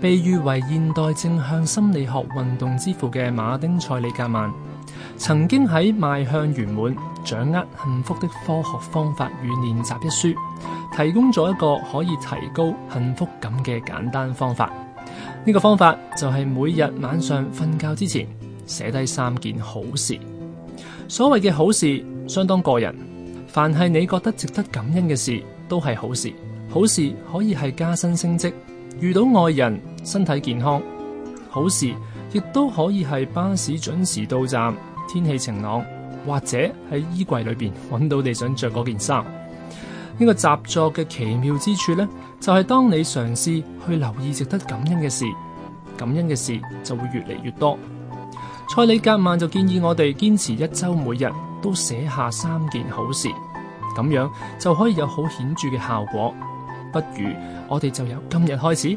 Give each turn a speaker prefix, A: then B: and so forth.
A: 被譽為現代正向心理學運動之父嘅馬丁賽里格曼，曾經喺《邁向圓滿：掌握幸福的科學方法與練習》一書，提供咗一個可以提高幸福感嘅簡單方法。呢個方法就係每日晚上瞓覺之前寫低三件好事。所謂嘅好事相當個人，凡係你覺得值得感恩嘅事都係好事。好事可以係加薪升職，遇到愛人。身體健康，好事亦都可以係巴士準時到站，天氣晴朗，或者喺衣櫃裏邊搵到你想着嗰件衫。呢個習作嘅奇妙之處呢，就係當你嘗試去留意值得感恩嘅事，感恩嘅事就會越嚟越多。蔡里格曼就建議我哋堅持一周，每日都寫下三件好事，咁樣就可以有好顯著嘅效果。不如我哋就由今日開始。